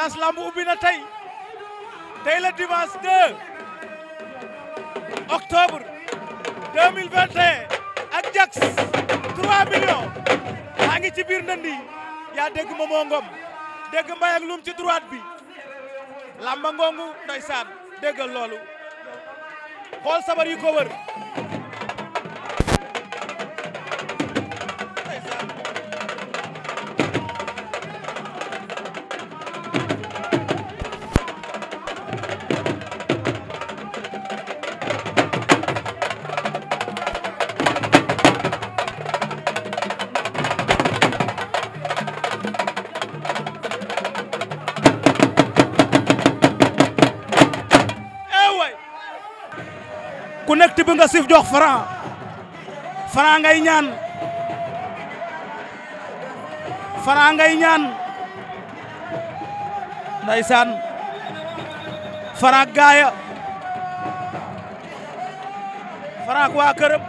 Xelass lamb ubbi na tey tey ngi ci biir ndënd yaa dégg Momo dégg Mbaye ak ci droite bi lamba ngongu ndoysaan déggal loolu xool sabar yi ko wër bëgg nga sif jox Franc Franc ngay ñaan Franc ngay ñaan ndaysaan Franc gaaya Franc waa këram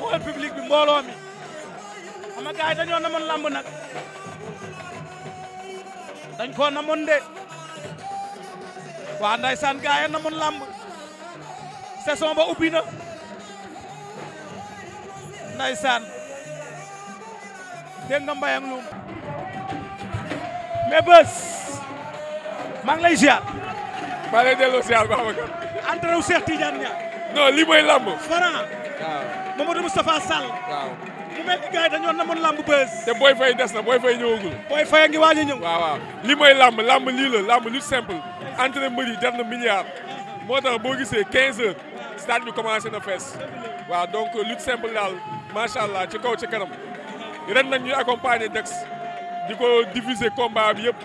xool public bi mbooloo mi xam nga gaay dañoo namoon lamb nag dañ koo namoon de waa ndaysaan gaaya a mun làmb saison ba ubbi na ndaysaan dégg nga mbayang lum mais bés maa ngi lay ziar maa lay delloo ziar ba xama kan entraîneur wu Cheikh Tidiane Niang non lii mooy làmb Franc waaw Mamadou Moustapha Sall waaw mu mel ni gars yi dañoo namoon làmb bés te Boy Faye des na Boy Faye ñëwagul Boy Faye a ngi waaj a ñëw waaw waaw lii làmb làmb làmb lu simple entraîné mbër yi jar milliard moo tax boo gisee 15 heures stade bi commencé na fees waaw donc lutte simple daal macha allah ci kaw ci kanam ren nag ñuy accompagner Dex di ko diffuser combat bi yëpp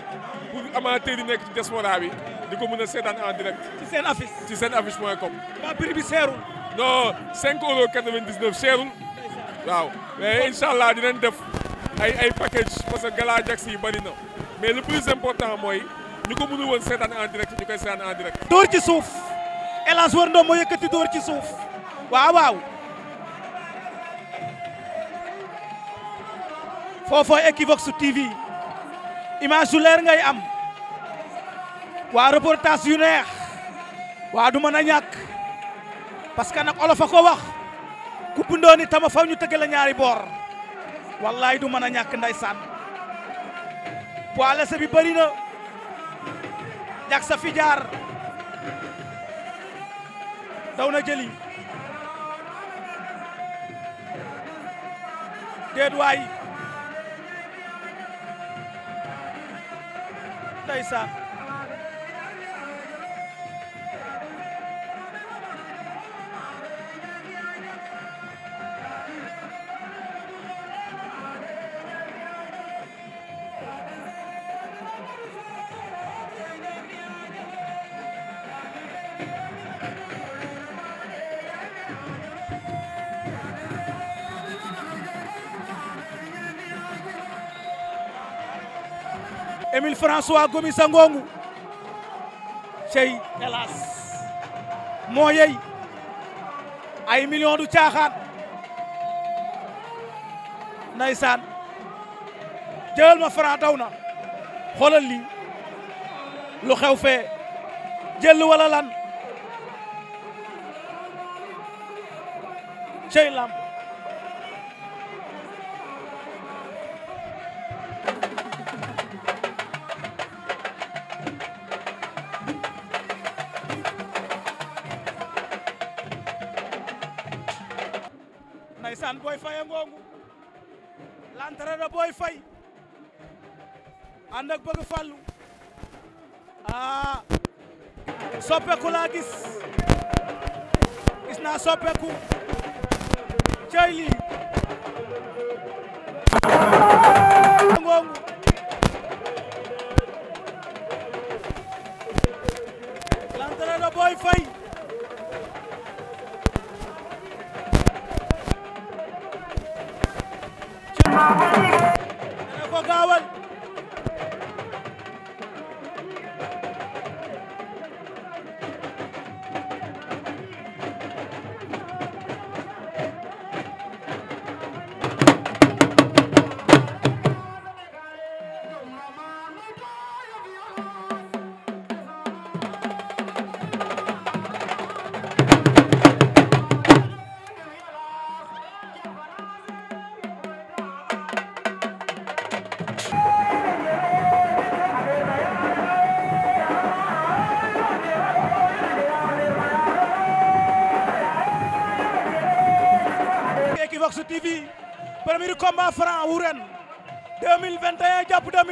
pour amateurs yi nekk ci diaspora bi di ko mën a seetaan en direct. ci seen affiche ci seen affiche point com. waa prix bi seerul. non 5 euros waaw mais incha allah di dinañ def ay ay package parce que gala Jax yi bari na mais le plus important mooy. ñu ko mënul woon seetaan en direct ñu koy seetaan en direct. dóor ci suuf El Hadj Warndo moo yëkkati dóor ci suuf waaw waaw foofoo Equivox TV image yu ngay am waa reportage yu neex waa du mën a ñàkk parce que nag olof a ko wax ku bindoo tama faw ñu tëgg la ñaari boor wallaay du mën a ñàkk ndeysaan poids léger bi bëri Diaks sa fi jaar daw na jëli déet waay ndeysaan Émile François Gomissa Ngongu cey hélas moo yey ay millions du caaxaan ndaysaan jël ma Franc daw lu xew fee jël wala lan laa gis gis naa soppeeku cey lii ngongu l'entraîneur Boy Faye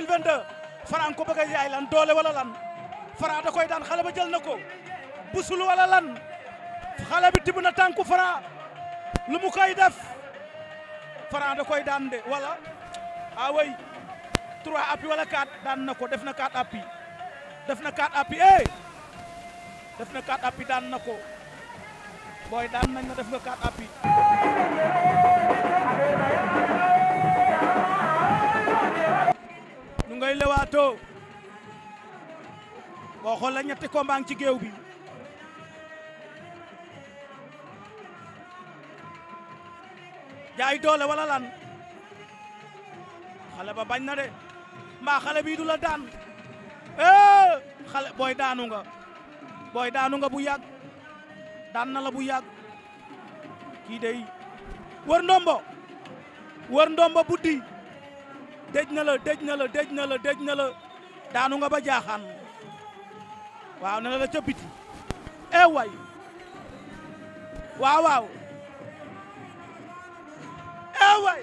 2022 Franc ko bëgg a yaay lan doole wala lan Franc koy daan xale ba jël na ko busul wala lan xale bi tibb na tànku Franc lu mu koy def Franc koy daan de wala ah way 3 appui wala daan na ko def na 4 appui def na 4 appui eh def na 4 appui daan na ko booy daan nañ na def nga 4 appui. ngay lewaatoo boo xool la ñetti combat ngi ci géew bi jaay doole lan xale ba bañ na de mbaa xale bii du la daan eh xale booy daanu nga booy daanu nga bu yàgg daan na la bu yàgg kii dey wër ndombo wër ndombo buddi dëj na la dëj na la dëj na la dëj na la daanu nga ba jaaxaan waaw ne biti ee way waaw waaw ee way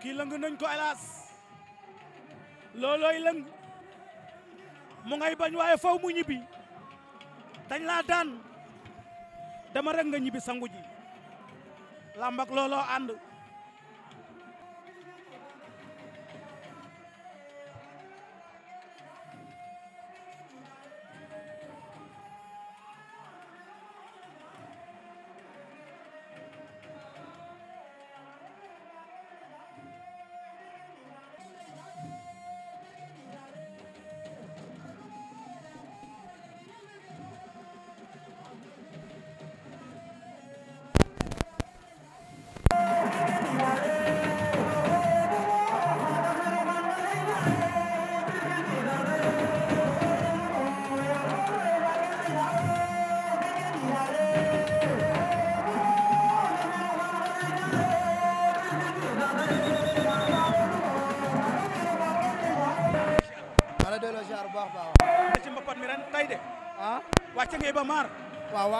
kii lëng nañ ko hélas loolooy lëng mu ngay bañ waaye faw mu ñibbi dañ laa daan dama rek nga ñibbi sangu ji làmbak looloo ànd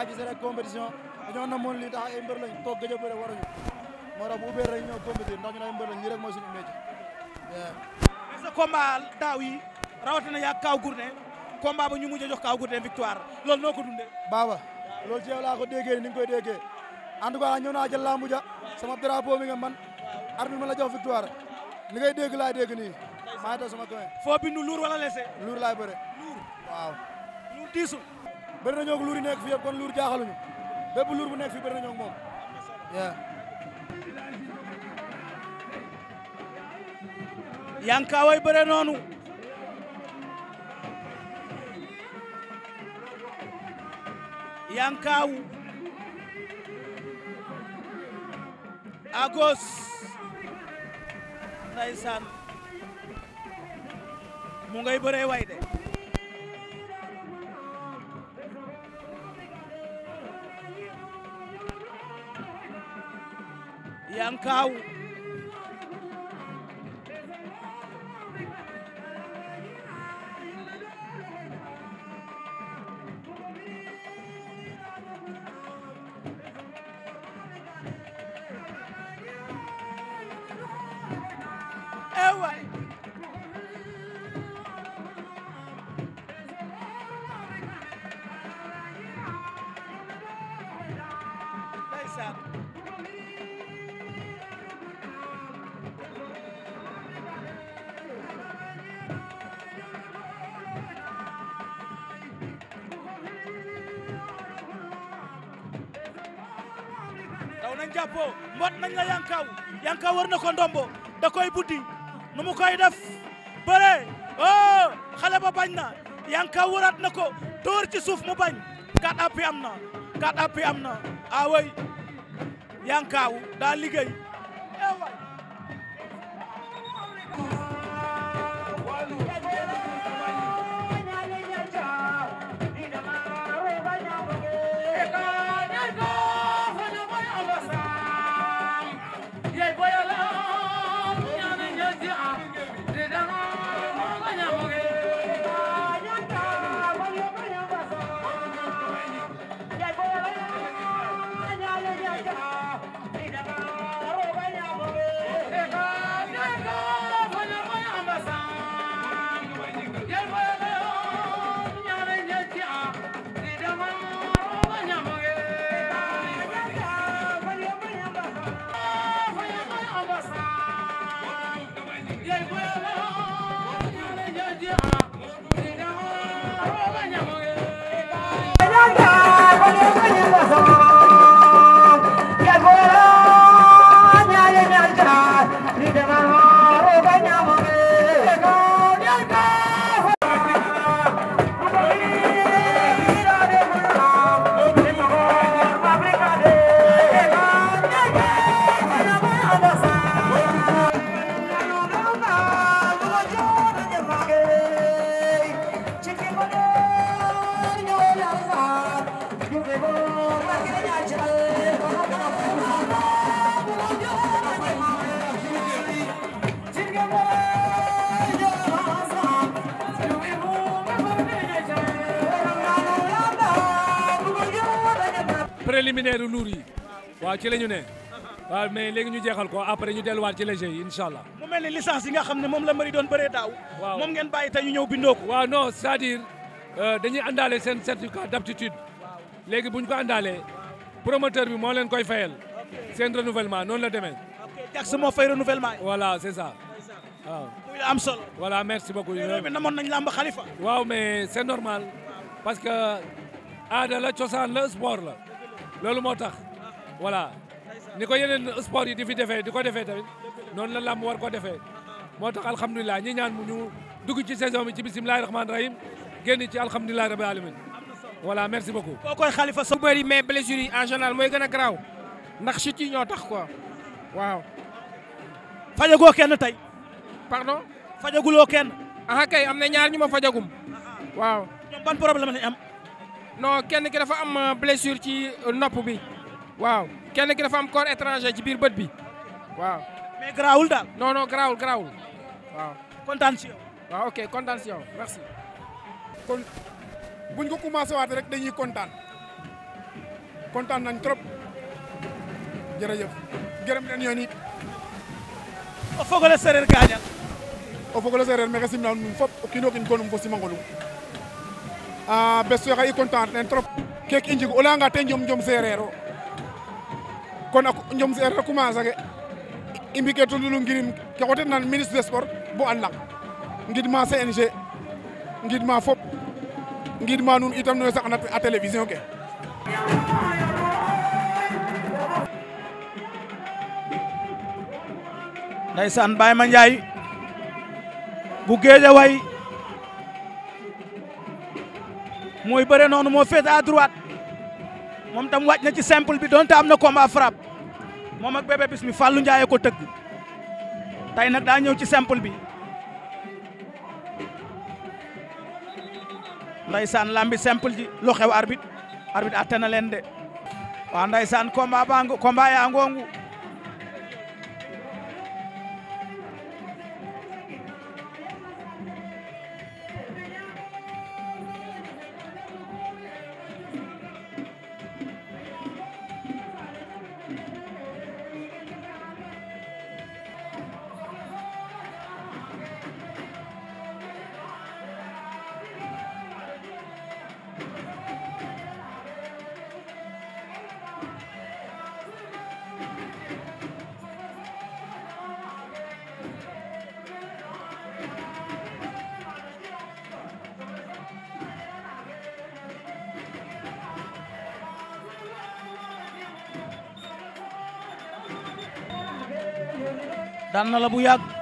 daa gis rek compétition dañoo namoon lii tax ay mbër lañ toog gëj a bëre waruñu moo tax bu ubbee rek ñëw compétir ndax ñun ay mbër lañ lii rek mooy suñu métier. mais yaa Kaw Gourdin combat ba ñu mujj a jox Kaw Gourdin victoire loolu noo ko dundee. baaba loolu ci yow laa ko déggee ni nga koy déggee en tout cas ñëw naa jël lambu ja sama drapeau mi nga man arbitre ma la jox victoire li ngay dégg laay dégg nii maa ngi toog sama kaw. foo bindu luur wala lese. luur laay bëre. luur mu diisu bëri na ñoog luur fi yëpp kon luur jaaxaluñu bépp luur bu nekk fi bëri na ñoog moom yankaway bëre noonu yankaw agos mu ngay bëree way de Kaaw Siteu war na ko ndombo da koy buddi nu mu koy def bëre oh xale ba bañ na Yanka wëraat na ko dóor ci suuf mu bañ kat appi am na kat appi am na ah way Yanka daa liggéey combinaire lourd yi waaw ci la ñu ne waaw mais léegi ñu jeexal ko après ñu delluwaat ci léger yi incha allah. mu mel ni licence yi nga xam ne moom la mari doon bëree daaw. waaw moom ngeen bàyyi tey ñu ñëw bindoo ko. waaw non c'est-à-dire euh, dañuy àndaale seen certificat d'aptitude léegi bu ñu ko àndaalee promoteur bi moo leen koy fayal seen renouvellement noonu la demee. ok Jax moo fay renouvellement yi. voilà c'est ça waaw. muy la am solo. voilà merci beaucoup. réew mi namoon nañ làmb xalifa. waaw mais c'est normal parce que aada la cosaan la sport la. loolu moo tax voilà ni ko yeneen sport yi di fi defee di ko defee tamit noonu la làmb war ko defee moo tax alhamdulilah ñi ñaan mu ñu dugg ci saison bi ci bisimilahi rahmaani rahim génn ci alhamdulilahi rabbil alamin voilà merci beaucoup. koo koy xalifa so bëri mais blessure yi en général mooy gën a garaaw ndax chute yi ñoo tax quoi waaw. fajagoo kenn tey. pardon. fajaguloo kenn. aha kay am na ñaar ñu ma fajagum. waaw. ban problème lañ am. non kenn ki dafa am euh, blessure ci euh, nopp bi waaw kenn ki dafa am corps étranger ci biir bët bi waaw. mais garaawul daal. non non garaawul garaawul waaw. kontaan si yow. waaw ok kontaan si yow merci. kon buñ ko commencé dañuy kontaan kontaan nañ trop jërëjëf gërëm leen yoon it. o fogole sereer gaañal o fogole sereer maxey simna fop o kiino fo simangolum Ah, a besto xa i content na trop keke i njeg o layanga te njom njom seereer kon a njom seereer a ke i mbi' ke tolunu ngirim ke xotetna ministre des sports bo an lang ngidma CNG ngidma fop ngidma nuun itam no we saqna a télévision ke ndeysaan Baye Mandiaye bu Guédiawaye mooy bëre noonu moo féete à droite moom tam wàcc na ci simple bi donte am na combat frappe moom ak bébé bis mi Fallou Ndiaye ko tëgg tey nag daa ñëw ci simple bi ndaysaan lambi simple ji lu xew arbitre arbitre na leen de waa ndaysaan combat baa combat yaa ngoongu daan na la bu yàgg.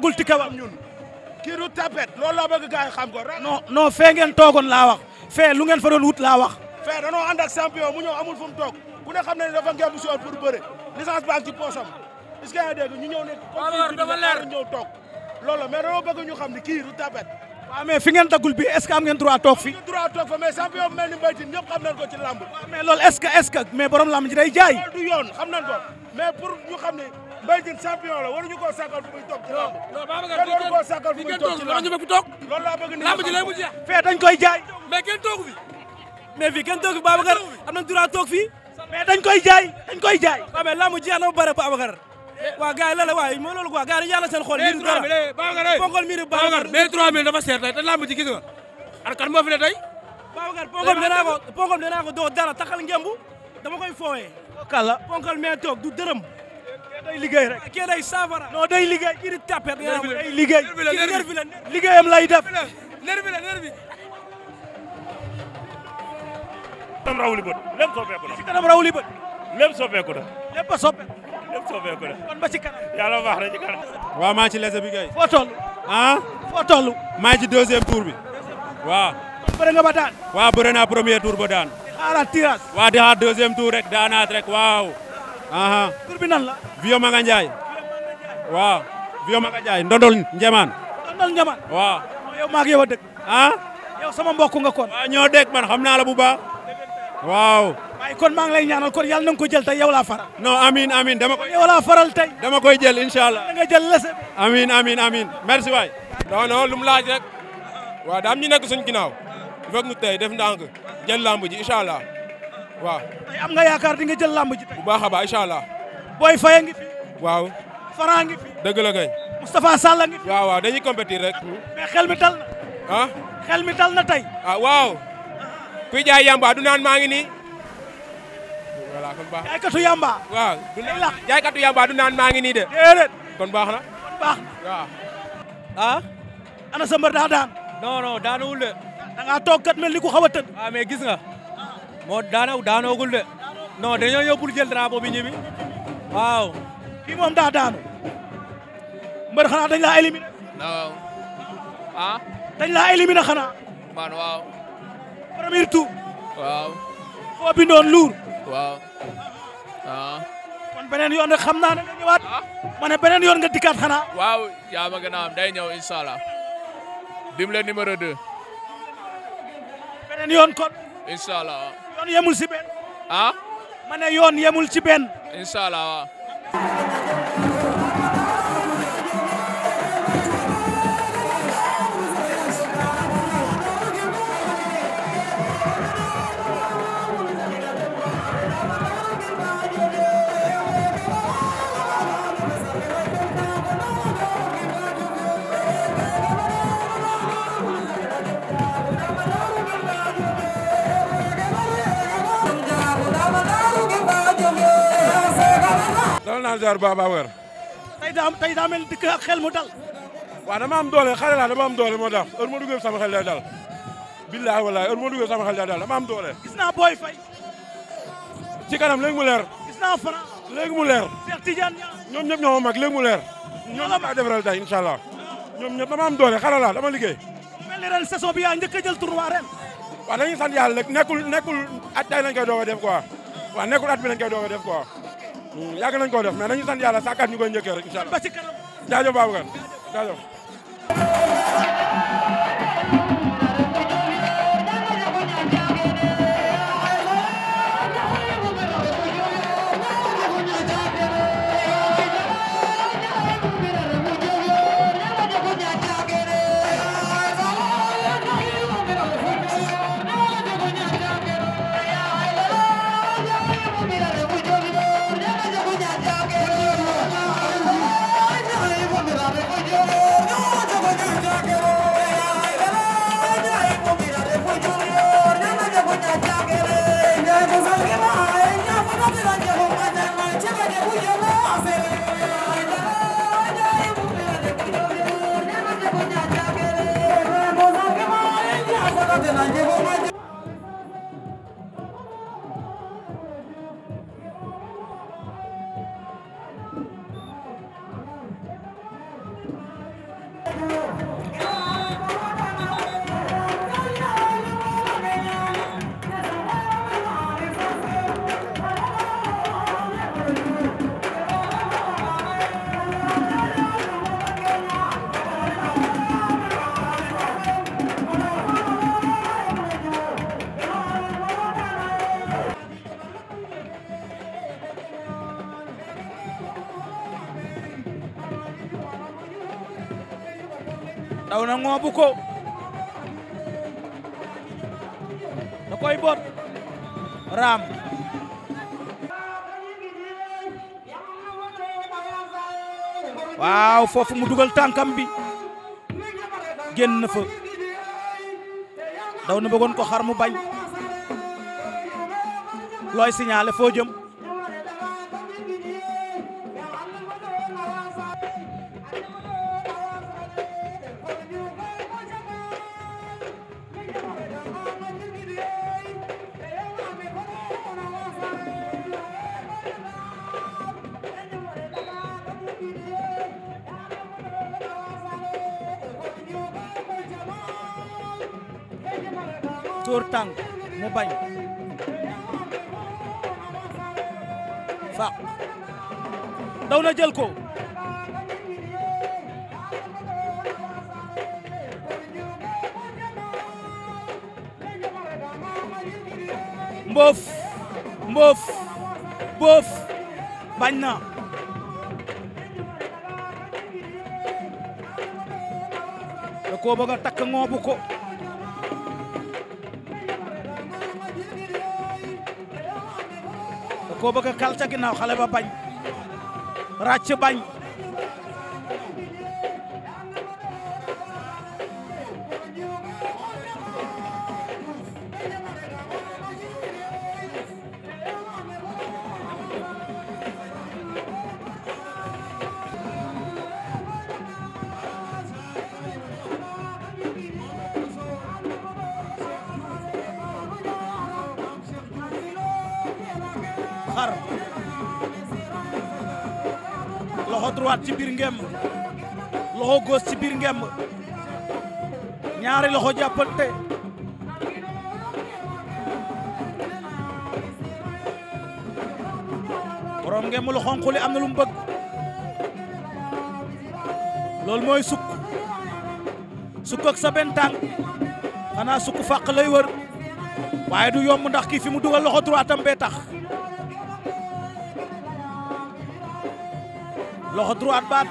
tegul ci kawam ñun. kii du tapet loolu laa bëgg gars yi xam ko. non non fee ngeen toogoon laa wax fee lu ngeen fa doon wut laa wax. fee danoo ànd ak champion mu ñëw amul fu mu toog ku ne xam ne dafa ngeen bu si woon pour bëre licence baa ci poosam est-ce que yaa dégg ñu ñëw ne. alors dama leer ñëw toog loolu mais danoo bëgg ñu xam ne kii du tapet. waaw mais fi ngeen daggul bi est-ce que am ngeen droit toog fi droit toog fa mais champion bu mel ni Mbaye Tine ñëpp xam nañ ko ci lamb mais loolu est-ce que est-ce que mais borom lamb ji day jaay. du yoon xam nañ ko mais pour ñu xam ne Mbaye Tine champion la waruñu koo sàkkal fu muy toog ci làmb. non Babacar kenn waruñu koo sàkkal fu muy toog ci làmb. loolu laa bëgg ni làmb ji lay mu jeex. fee dañ koy jaay. mais kenn toogu fi. mais fii kenn toogu fi Babacar am nañ droit toog fii. mais dañ koy jaay dañ koy jaay. waaw ah, mais làmb jeex na ba pare Babacar. waa gars yi lan la waaye mooy loolu quoi gars yi yàlla seen xol. dara ponkol mbiru eh, Babacar eh. mais 3000 seer tey te làmb ji nga. ar kan moo fi ne tey. Babacar ponkol bi danaa ko ponkol bi danaa ko doo dara taxal ngemb dama koy foowee. kàlla ponkol mais toog du dërëm day liggéey rek kii day saafara non day liggéey kii di tapet nga xam day liggéey kii nervi la liggéeyam lay def nervi la nervi tam rawli bët lépp soppeeku na si maa ci lese bi kay foo toll ah ci deuxième tour bi waaw kon bëre nga ba daan waaw bëre naa premier tour ba daan di xaaraat tirage waaw di xaar deuxième tour rek daanaat rek waaw aha tur la. Vieux Maga Ndiaye. waaw. Vieux Maga Ndiaye ndondol Njemaan. ndondol Njemaan. waaw. yow maa ngi yow a dëkk. ah. yow sama mbokk nga kon. ñoo dëkk man xam naa la bu baax. waaw. waaye kon maa lay ñaanal kon yàlla na ko jël tey yow laa faral. non amin amin dama koy. yow laa faral tey. dama koy jël incha allah. da nga jël lese. amin amin amin merci waay. non non laaj rek. waaw daam ñu nekk suñ ginnaaw. il faut que tey def ndànk jël lamb ji incha allah. waaw yaakaar dinga jël làmb ji tey. bu baax a baax incha allah. Boy Faye ngi fi. waaw. Fara ngi fi. dëgg ngi fi. waaw waaw dañuy compétir rek. mais xel mi dal na. ah. xel na tey. ah waaw. kuy jaay yamba du naan maa ngi nii. voilà kon baax na jaaykatu yamba. yamba du naan maa ngi nii de. déedéet kon baax na. kon baax na waaw. ah. ana sa daa daan. non non daanuwul de. da toog kat mel ni ku xaw a tëdd. Ah, gis nga. moo daana daanoogul de non dañoo ñëw pour jël drapeau bi waaw. kii moom daa daanu. mbër xanaa dañ laa éliminé. waaw ah? dañ laa éliminé xanaa. man waaw. premier tour. waaw. foo bindoon luur. waaw ah. beneen yoon rek xam naa ne nga ñëwaat. Ah? beneen yoon nga dikkaat xanaa. waaw yaa ma gën day ñëw incha allah. dimle numéro beneen yoon kon. incha yoon yemul ci ah? ma ne yoon yemul ci benn. incha allah dal naa ziar baax a baax weer. tey daa tey daa mel dikk ak xel mu dal. waaw dama am doole xale laa dama am doole moo tax heure ma duggee sama xel day dal. billahi wallahi heure ma duggee sama xel day dal dama am doole. gis naa booy fay. ci kanam léegi mu leer. gis naa Franc. léegi mu leer. Cheikh ñoom mag léegi mu leer. ñoom ñëpp laa defaral tey incha ñoom ñëpp doole xale dama liggéey. mel ni ren bi yaa njëkk a jël tournoi ren. waaw dañuy sant yàlla at tey lañ koy doog a def quoi. waaw at bi lañ koy doog a def Mm, yàgg nañ koo def mais nañu sant yàlla sàkkaat ñu koy njëkkee rek incha allah jaajëf Babacar jaajëf daw na ŋoobu ko da koy bot raam waaw foofu mu dugal tànkam bi génn fa daw na bëggoon ko xar mu bañ looy signalé foo jëm koo bëgg a takk ŋoobu ko da koo bëgg a kal ca ginnaaw xale ba bañ ràcc bañ droite ci biir ngemb ci biir ngemb ñaari loxo jàppante borom li am na lu mu bëgg loolu mooy sukk sukk ak sa benn tànk xanaa sukk fàq lay wër waaye du yomb ndax kii fi mu dugal loxo droite bee tax loxo droite tax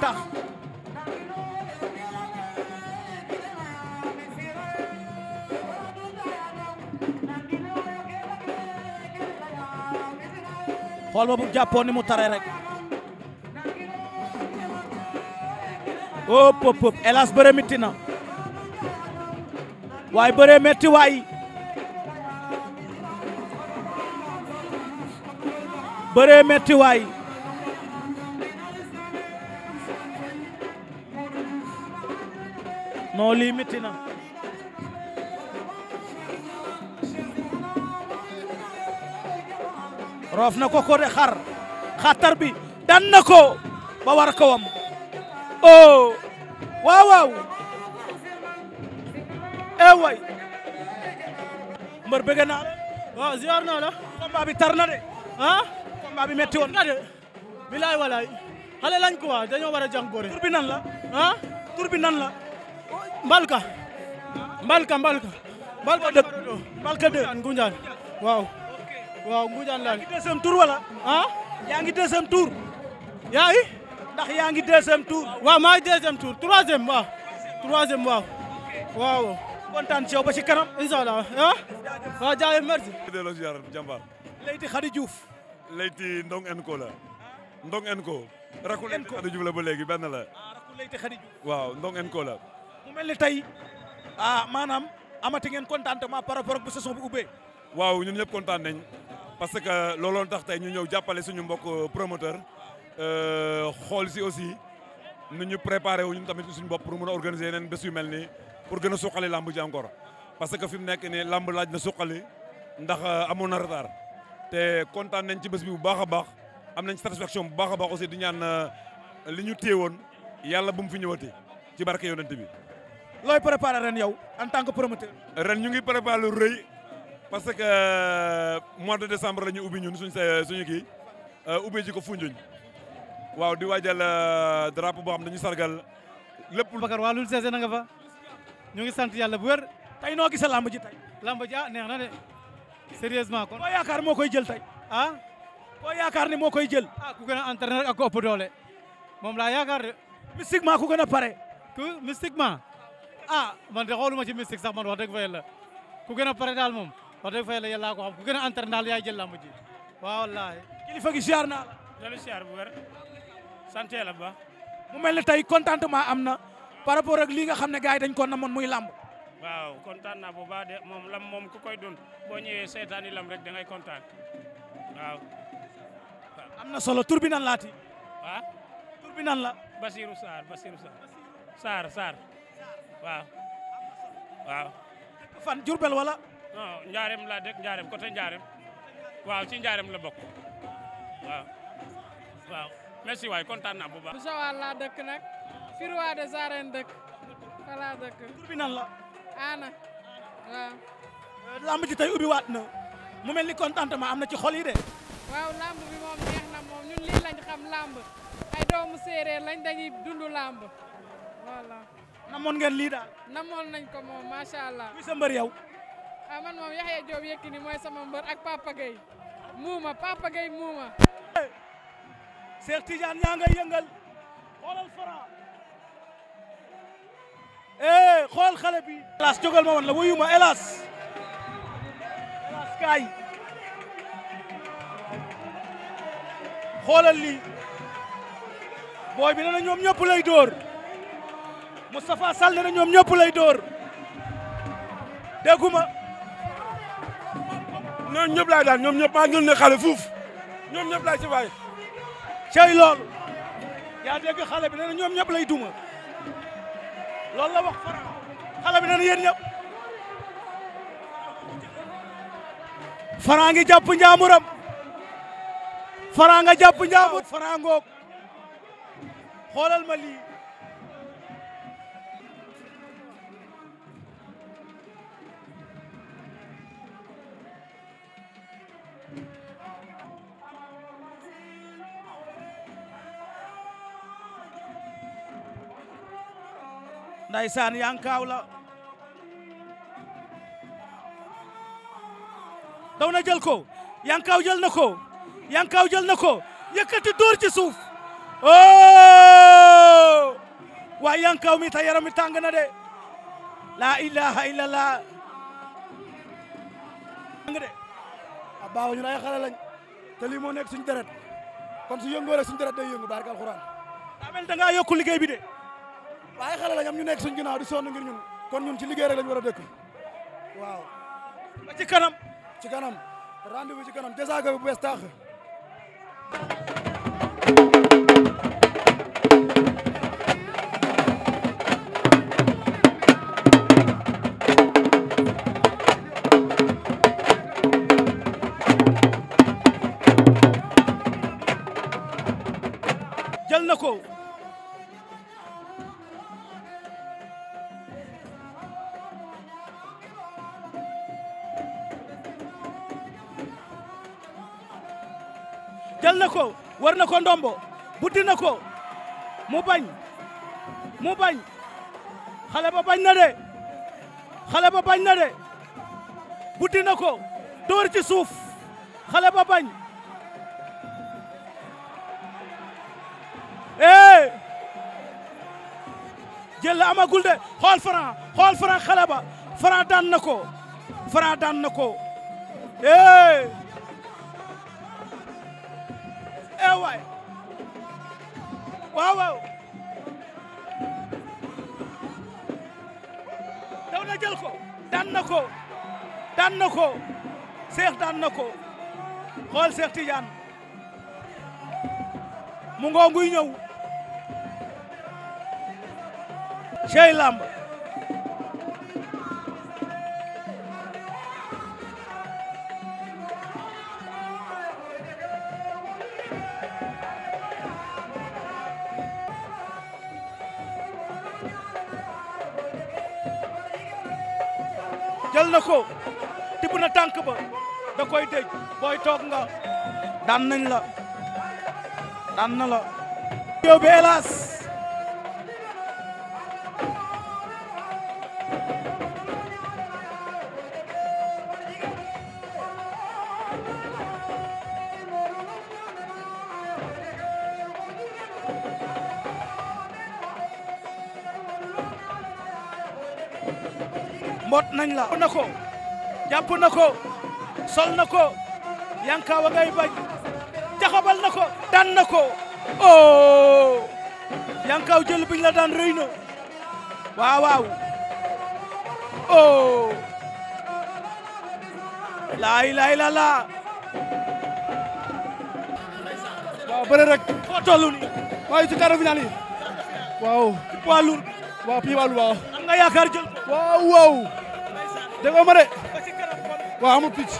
xool ba bu jàppoon mu tare rek ëpp ëpp ëpp hélas bëre metti na waaye bëre metti non lii métti na roof na ko ko de xar xatar bi dan na ko ba war kawam oh waaw waaw eh way mbër bëgg naa waaw naa la combat bi tar na de ah combat bi metti woon na de bilaay walaay xale lañ ko waa dañoo war a jàng góore tur nan la ah nan la Mbalka Mbalka Mbalka Mbalka dëkk Mbalka dëkk waaw waaw Ngunjaan laa deuxième tour wala ah yaa ngi deuxième tour yaa ngi ndax yaa ngi deuxième tour waaw maa ngi deuxième tour troisième waaw troisième waaw waaw kontaan ci ba ci kanam inshallah ah waaw jaay merci delloo ziar jàmbaar Leyti Khady Diouf Leyti Ndong en ko la en ah. ko rakul Leyti la ba léegi benn la ah, rakul Leyti waaw Ndong en ko mu mel ni tey ah maanaam amati ngeen contentement par rapport ak bu saison bi ubbee. waaw ñun ñëpp kontaan nañ parce que looloon tax tey ñu ñëw jàppale suñu mbokk promoteur euh, xool si aussi nu ñu préparé wu ñun tamit suñu bopp pour mën a organiser yeneen bés yu mel ni pour gën a suqali làmb ji encore parce que fi mu nekk nii làmb laaj na suqali ndax euh, amoon na retard te kontaan nañ ci bés bi bu baax a baax am nañ satisfaction bu baax a baax aussi di ñaan euh, li ñu téye woon yàlla bu mu fi ñëwati ci barke yonent bi looy préparé ren yow en tant que promoteur. ren ñu ngi préparé lu rëy parce que euh, mois de décembre la ñu ubbi ñun suñ sa suñu ki euh, ubbi ji ko waaw di waajal euh, drapeau boo xam dañu sargal lépp. Bakar waa Loul Sessène na nga fa ñu ngi sant yàlla bu wër tey noo gisee lamb ji tey. lamb ji neex na de sérieusement kon. koo yaakaar moo koy jël tey. ah. koo yaakaar ni moo koy jël. ah ku gën a entraîneur doole moom laa yaakaar de. mystiquement ku gën a pare. ku ah man de xooluma ci mystique sax man wax dëgg fa yàlla ku gën a pare daal moom wax dëgg fa yàlla yàlla ko xam ku gën a entraîné yaay jël lamb ji waaw wallaahi. kilifa gi siyaar naa la. loolu siyaar bu wér sant yàlla ba. mu mel ne tey contentement am na par rapport ak lii nga xam ne gars yi dañ ko namoon muy lamb. waaw kontaan naa bo baax de moom lamb moom ku koy dund boo ñëwee seetaani lamb rek da ngay waaw. am na solo tur bi nan laati. ah la. Basirou Sarr Basirou waaw waaw. dëkk fan Diourbel wala. non laa dëkk Ndiarème côté Ndiarème waaw ci Ndiarème la bokk waaw merci waay kontaan naa bu baax. bu Joal laa dëkk nag fi roi des dëkk fa dëkk. tur nan la. ana waaw. Euh, lamb ji tey ubbi waat na mu mel ni contentement am na ci xol yi de. waaw lamb bi moom neex na moom ñun lii lañ xam lamb ay doomu séeréer lañ dañuy dund lamb namoon ngeen lii daal. namoon nañ ko moom macha allah. kuy sa mbër yow. ah man moom Yaxya Diop Yékini mooy sama mbër ak Papa Gueye. muuma Papa Gueye muuma. Cheikh Tidiane ñaa ngay yëngal xoolal xool xale bi. hélas jógal ma woon la wuyu ma hélas. hélas xoolal lii. booy bi nee na ñoom ñëpp lay dóor. Moustapha Sall ne ñoom ñëpp lay dóor dégguma ñoom ñëpp laay daan ñoom ñëpp maa ngi ne xale fuuf ñoom ñëpp laay si waay cey loolu yaa dégg xale bi nee na ñoom ñëpp lay duma loolu la wax fara xale bi nee na yéen ñëpp fara ngi jàpp njaamuram fara nga jàpp njaamur fara ngoog ma lii ndaysaan yankaaw la daw na jël ko yankaaw jël na ko yankaaw jël na ko yëkkati dóor ci suuf oh waaye yankaaw mi ta yaram mi tàng na de la ilaha illallah tàng de a ah, baaw ñu ay xale lañ te lii moo nekk suñu deret kon su yëngoo rek suñu deret day yëngu barke alxuraan daa mel da ngaa yokku liggéey bi de waaye xale la ñam ñu nekk suñ ginnaaw di sonn ngir ñun kon ñun ci liggéey rek la ñu war a dëkk waaw. ci kanam. ci kanam rendez-vous ci kanam jasaaka bi bu bees na ko ndombo buddi na ko mu bañ mu bañ xale ba bañ na de xale ba bañ na de buddi na ko dóor ci suuf xale ba bañ ee eh! jël la amagul de xool Franc xool Franc xale ba Franc na ko Franc daan na ko ee eh! waaw waay waaw daw na jël ko daan na ko daan na ko Cheikh daan na ko xool Cheikh Tidiane mu ngoo nguy ñëw na ko tibb na tànk ba da koy dëj booy toog nga daan nañ la daan na la yow bi la na ko jàpp na ko sol na ko yankaawa ngay bañ jaxabal na ko daan na ko oh yankaaw jël biñ la daan rëy na waaw waaw oh laa ilaaha illallaah waaw bëre rek foo toll nii waaw ci quart final yi waaw yaakaar jël déggoo ma de waaw amul picc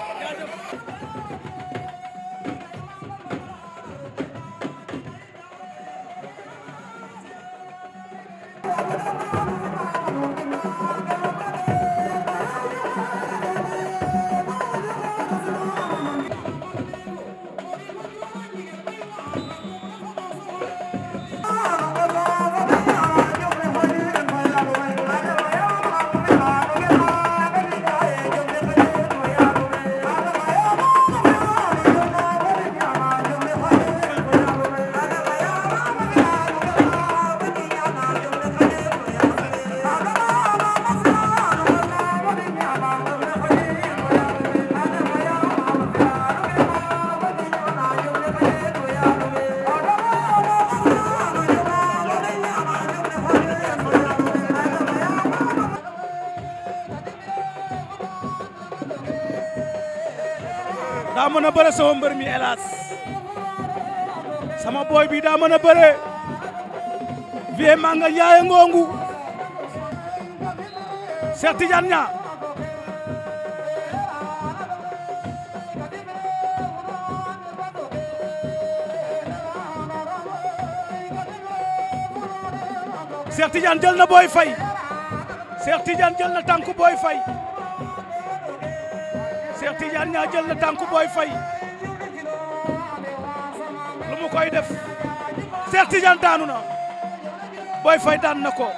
a bëre sama mbër mi hélas sama booy bi daa mën a bëre vie manga ñaaye ngongu Cheikh Tidiane ña Cheikh Tidiane jël na booy fay jël na booy fay Cheikh Tidiane ñaa jël na tànku booy fay koy def daanu na Boy Faye na ko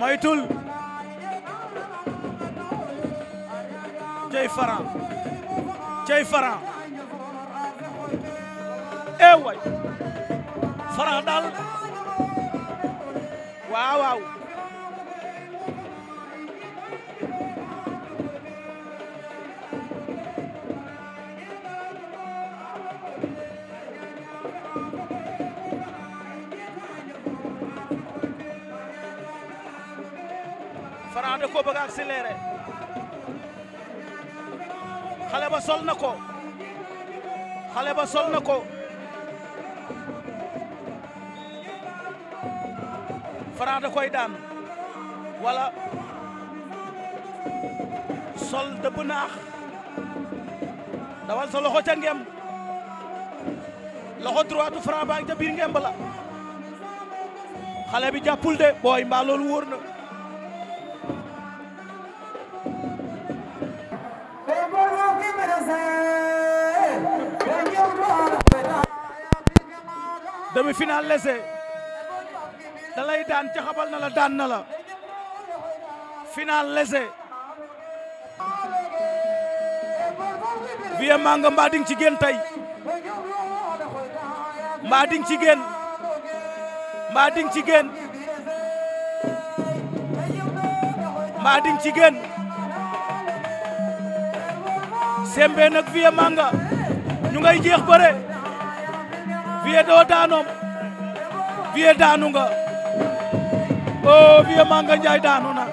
moytul cey Franc cey Franc ew way Franc ko bëgg accéléré xale ba sol na ko Franc da koy daan wala sol dëbb naax dawal sa loxo ca loxo droitu Franc baa biir ngemb la xale bi jàppul de booy mbaa wóor na demi-finale laissée daan jaxabal na la daan na la final lese Vieux Manga mbaa ci génn tey mbaa ci génn mbaa di ci génn mbaa ci génn sembe nag Manga ñu ngay jeex bëre doo daanoom Vieux daanu o oh, Vieux Manga Ndiaye daanu na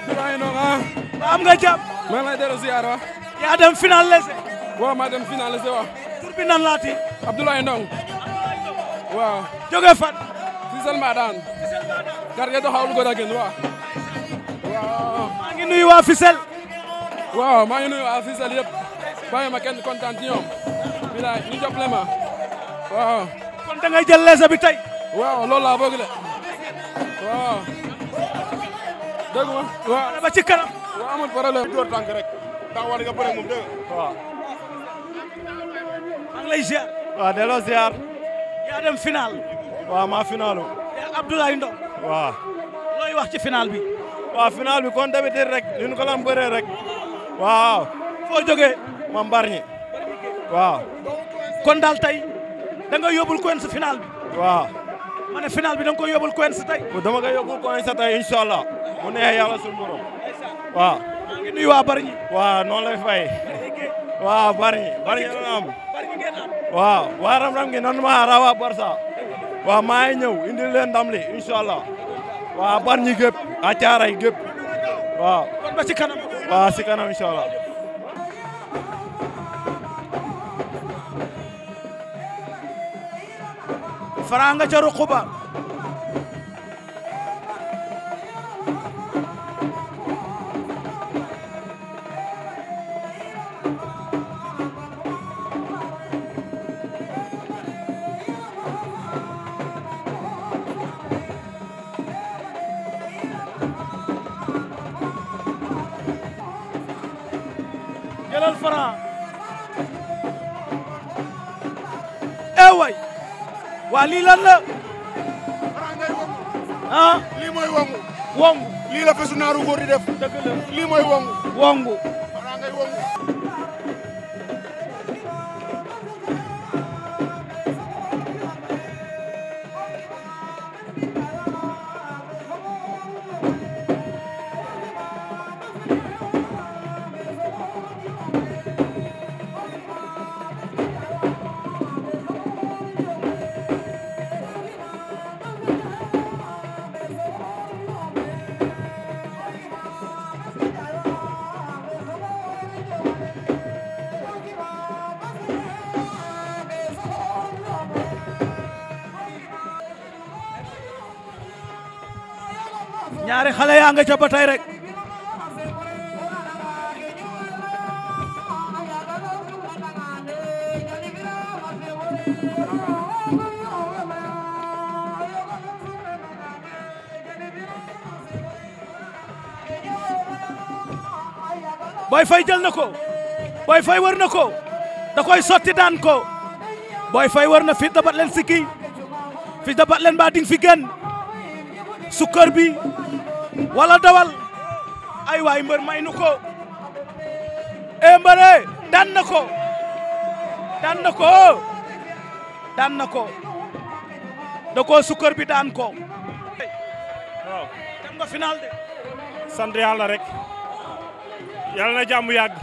Abdoulaye Noga ah. am nga jàmm maa lay delloo wa yaa dem final lese waaw maa dem final lese waaw tur bi nan laati Abdoulaye Ndong waaw jóge fan Fisel Mbadaan Fisel Mbadaan garge doxawul ko da gën waaw waaw ngi nuyu waa Fisel waaw maa ngi nuyu waa Fissel ma kenn kontaan ci ñoom bilaay ñu ma waaw. kon da ngay jël leesa bi waaw loolu laa bëgg de waaw. dégg nga waaw ba ci kanam. waaw amul waaw. maa ngi yaa dem final. waaw looy wax ci final bi. waaw final bi kon d'habitude rek ni ko lan bëree waaw foo jógee ma mbarñi waaw kon daal tey yóbbul Quench final bi waaw ma ne final bi da nga koy yóbbul Quench dama koy yóbbul Quench tey incha mu neex yàlla suñu borom waaw nuyu waa Bargny waaw noonu lay fay waaw Bargny Bargny la waaw waa ram-ram ngi nan ma ra waa maa ngi ñëw indi leen ndam li incha allah a caaray gépp waaw waaw si kanam incha allah Franc nga ca ruq ba lii lan la. ah lii mooy wongu. wongu lii la fesu naaru góor di def. lii mooy wongu. wongu. ñaari xale nga ca ba tey rek Boy Faye na ko Boy Faye war ko da sotti daan ko Boy Faye war na Fils de sikki Fils de Batlen ba ding fi génn sukkër bi walla dawal ay waay mbër may nu ko e mbëre daan na ko daan na ko daan na ko da koo sukkër bi daan ko waaw dem rek yàlla na jàmm yàgg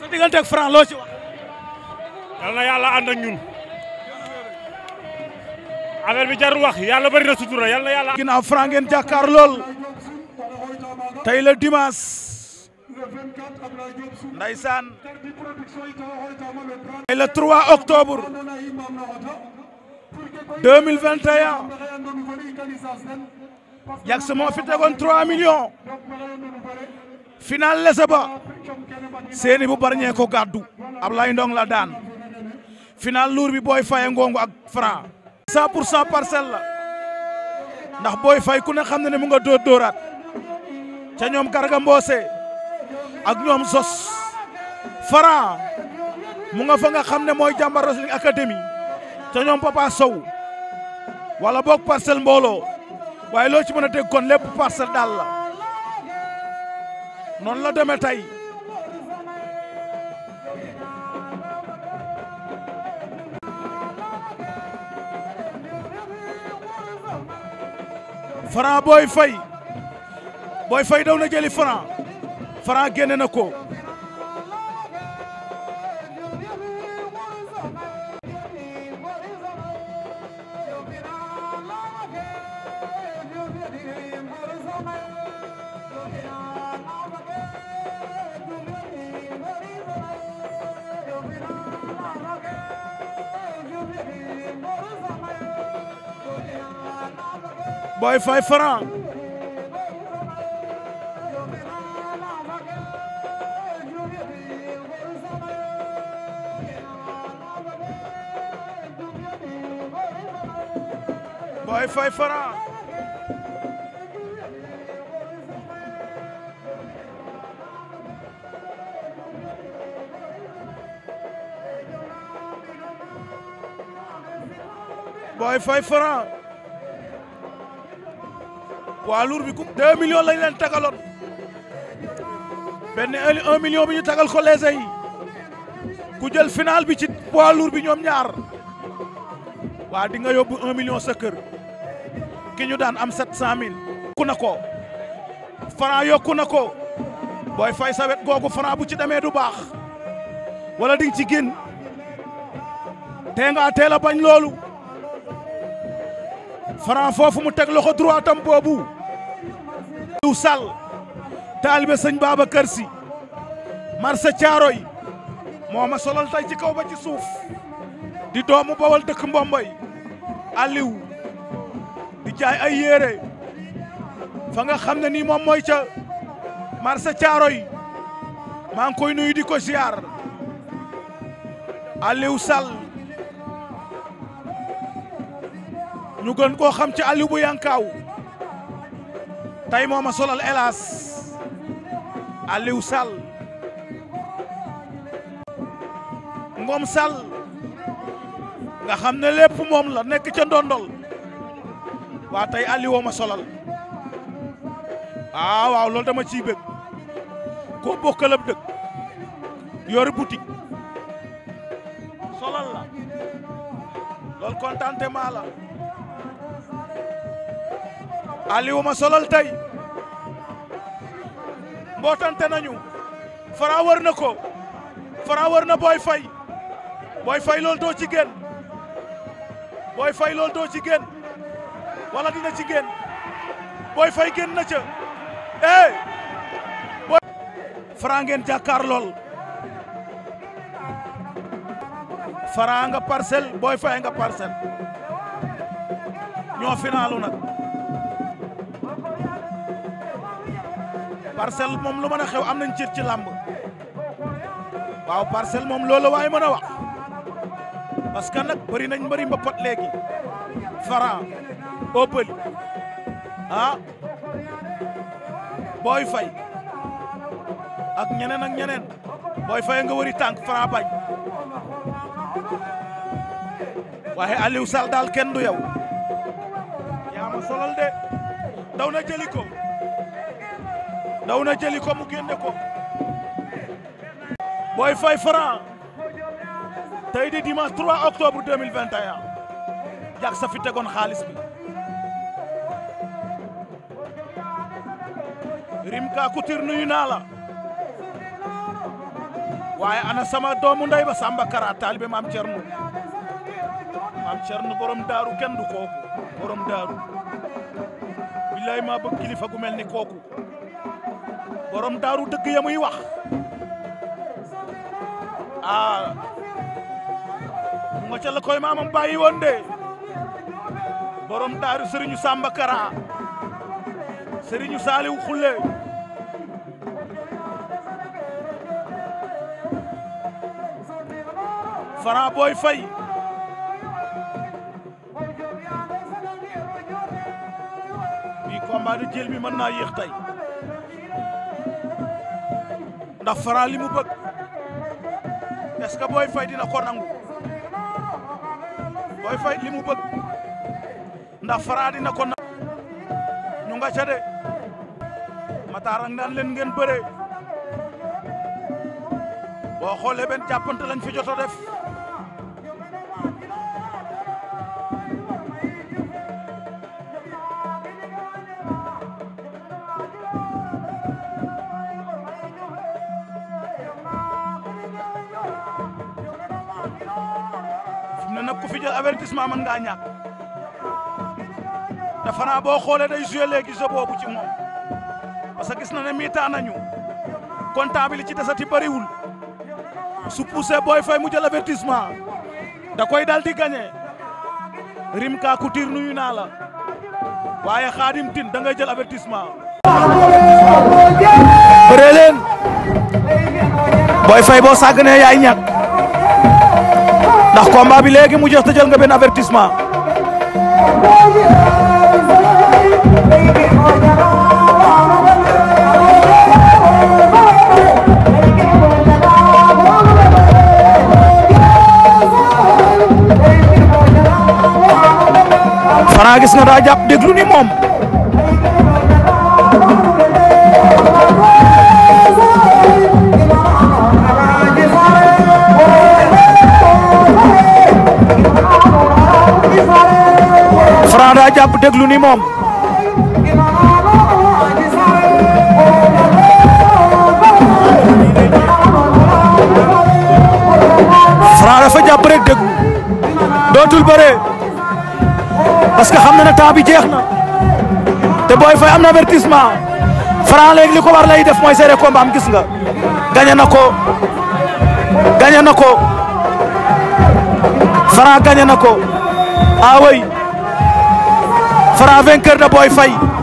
sa diggante ak Franc loo ci yàlla na yàlla ànd ak ñun affaire bi jarul wax yàlla bari na sutura yàlla na yàlla ginnaaw Franc ngeen jàkkaar lool tey la dimanche ndaysaan tey la 3 octobre 2021 Diaks moo fi tegoon 3 millions final lese ba seeni bu barñee ko gàddu Ablaye Ndong la daan final luur bi booy faye ngongu ak franc 100 pour cent parcelle ndax booy fay ku ne xam ne ne mu nga dóor dóoraat ca ñoom Garga Mbossé ak ñoom sos Franc mu nga fa nga xam ne mooy Jàmbaar Wrestling Academy ca ñoom Sow wala boog parcelle mbooloo waaye loo ci mën a dégg kon lépp parcelle daal la noonu la demee tey Franc Boy Boy Faye daw na jëli Franc Franc génne na ko Boy Faye Franc fay fara boy fay fara poids lourd bi ku 2 leen tagaloon benn 1 million bi ñu tagal ko les ku jël final bi ci poids lourd bi ñoom ñaar waa di nga yóbbu 1 million sa kër ki ñu daan am 700000. ku na ko franc yokku na ko booy fay sa wet googu franc bu ci demee du baax wala ding ci génn tee nga loolu franc foofu mu teg loxo droit tam boobu. diw sàll taalibe sëñ Babacar Si marché Thiaroy moo ma solal tay ci kaw ba ci suuf di doomu bawal dëkk Mbomboy Aliou di jaay ay yére fa nga xam ne nii moom mooy ca marché Thiaroye maa ngi koy nuyu di ko ziar Aliou sal ñu gën koo xam ci Aliou bu Yankaaw tey moo ma solal hélas Aliou Sall Ngom sal nga xam ne lépp moom la nekk ca ndondol waa tey Aliou ma solal waaw ah, waaw loolu dama ciy bëgg koo bokkal ab dëkk yor boutique solal la loolu ma solal tey mbootante nañu Franc wër na ko Franc wër na Boy Faye Boy Faye doo ci génn Boy doo ci génn wala dina ci génn Boy Faye génn na ca eh. Franc ngeen jàkkaar lool Franc nga Parcelles Boy Faye nga Parcelles ñoo finaalu nag Parcelles moom lu mën a am nañ cër ci làmb waaw Parcelles moom loolu waaye mën a wax parce que nag bari nañ bari mbapat léegi Franc Opeuli ah Boy Faye ak ñeneen ak ñeneen booy Faye nga wëri tànk Franc bañ waaye Aliou Sall daal kenn du yow yaa de daw na jëli ko daw na jëli ko mu génne ko Boy Faye Franc tey di dimanche 3 octobre 2021 jàk sa fi tegoon xaalis bi Rimka Couture naa la waaye ana sama doomu ndey ba Samba Kara taalibe maam Cernu maam Cernu borom daaru kenn du kooku borom daaru billaay maa bëgg kilifa gu mel ni kooku borom daaru dëgg ya muy wax ah mu nga ca koy maamam bàyyi woon de borom daaru Serigne Samba Kara Serigne Saliou Khoule Franc Boy Faye bi combat de jël bi mën naa yéex tey ndax Franc li mu bëgg est-ce que Boy Faye dina ko nangu Boy Faye li mu bëgg ndax Franc dina ko nangu ñu nga ca de Matar ak leen ngeen bëree boo xoolee benn jàppante lañ fi jot def avertissement mën ngaa ñàkk boo xoolee day joué léegi parce que gis na ne miitaa li ci desati bëriwul su booy fay mu jël avertissement da koy dal di gagné rim kaa da ngay jël avertissement. boo sàgganee yaay ñàkk. ndax combat bi léegi mu jeex te jël nga benn avertissement Franc gis nga daa jàpp déglu ni moom jàpp déglu ni moom. Franc dafa jàpp rek déglu dootul bëree parce que xam na na temps bi jeex na te Boy Faye am na avertissement Franc léegi li ko war lay def mooy serré combat am gis nga gañe na ko gañe na ko Franc gañe na ko ah oui Franc vainqueur de Boy Faye